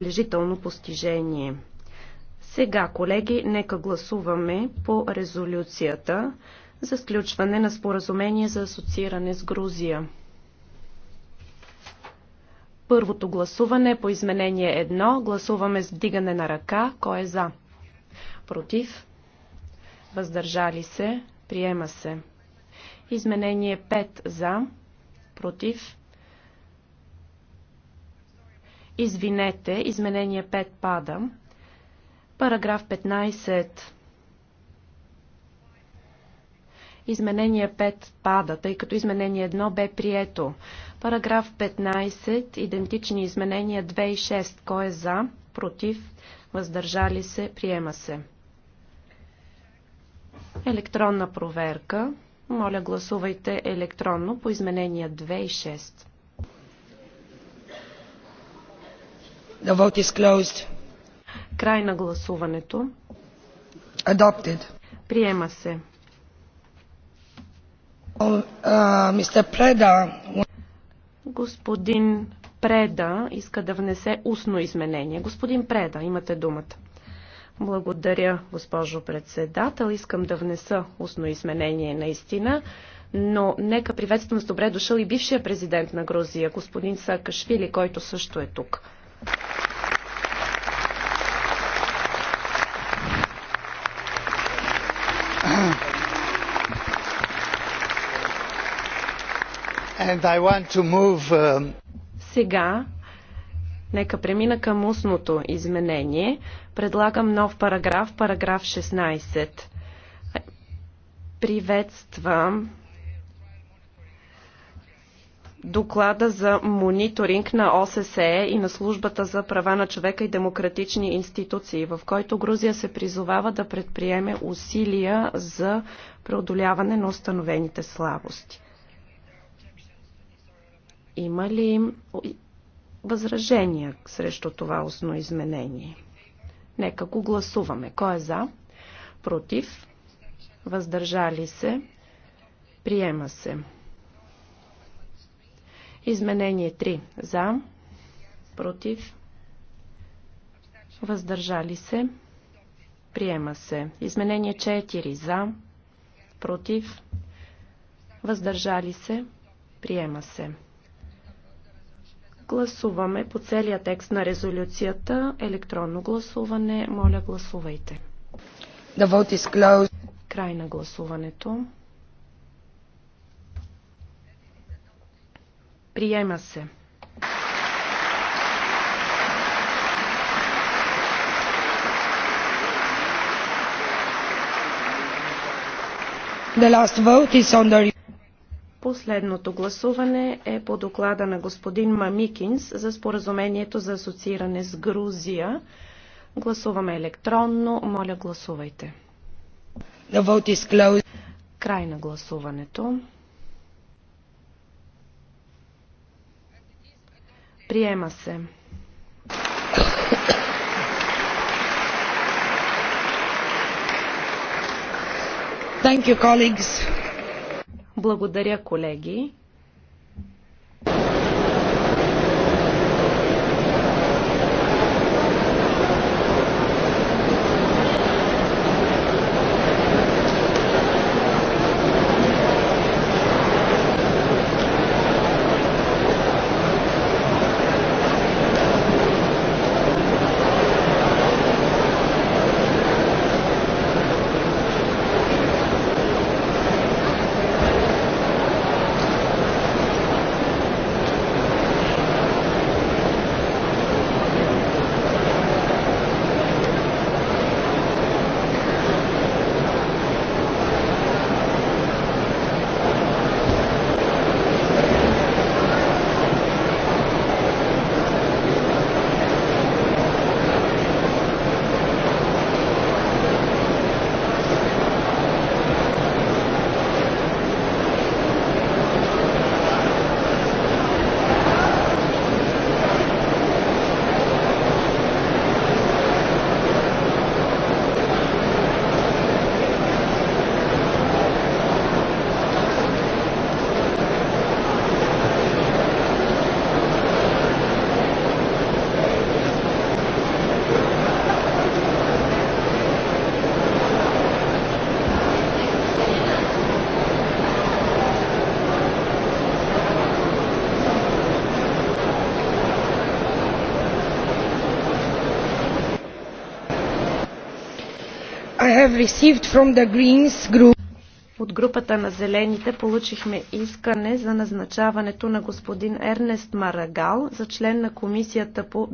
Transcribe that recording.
приближително постижение. Сега, колеги, нека гласуваме по резолюцията за сключване на споразумение за асоцииране с Грузия. Първото гласуване по изменение 1. Гласуваме с дигане на ръка. Кой е за? Против? Въздържали се? Приема се. Изменение 5 за. Против? Извинете, изменение 5 пада. Параграф 15. Изменение 5 пада, тъй като изменение 1 бе прието. Параграф 15. Идентични изменения 2 и 6. Кой е за? Против? Въздържали се? Приема се. Електронна проверка. Моля гласувайте електронно по изменения 2 и 6. The vote is closed. Край на гласуването. Adopted. Приема се. Господин Преда иска да внесе устно изменение. Господин Преда, имате думата. Благодаря, госпожо председател. Искам да внеса устно изменение наистина, но нека приветствам с добре дошъл и бившия президент на Грузия, господин Саакашвили, който също е тук. Move... Um, Сега нека премина към устното изменение. Предлагам нов параграф, параграф 16. Приветствам доклада за мониторинг на ОССЕ и на Службата за права на човека и демократични институции, в който Грузия се призовава да предприеме усилия за преодоляване на установените слабости. Има ли възражения срещу това устно изменение? Нека го гласуваме. Кой е за? Против? Въздържали се? Приема се. Изменение 3. За. Против. Въздържали се. Приема се. Изменение 4. За. Против. Въздържали се. Приема се. Гласуваме по целия текст на резолюцията. Електронно гласуване. Моля, гласувайте. Край на гласуването. Приема се. The last vote is on the... Последното гласуване е по доклада на господин Мамикинс за споразумението за асоцииране с Грузия. Гласуваме електронно. Моля, гласувайте. The vote is closed. Край на гласуването. Приема се. Thank you, colleagues. Благодаря, колеги. От групата на зелените получихме искане за назначаването на господин Ернест Марагал за член на Комисията по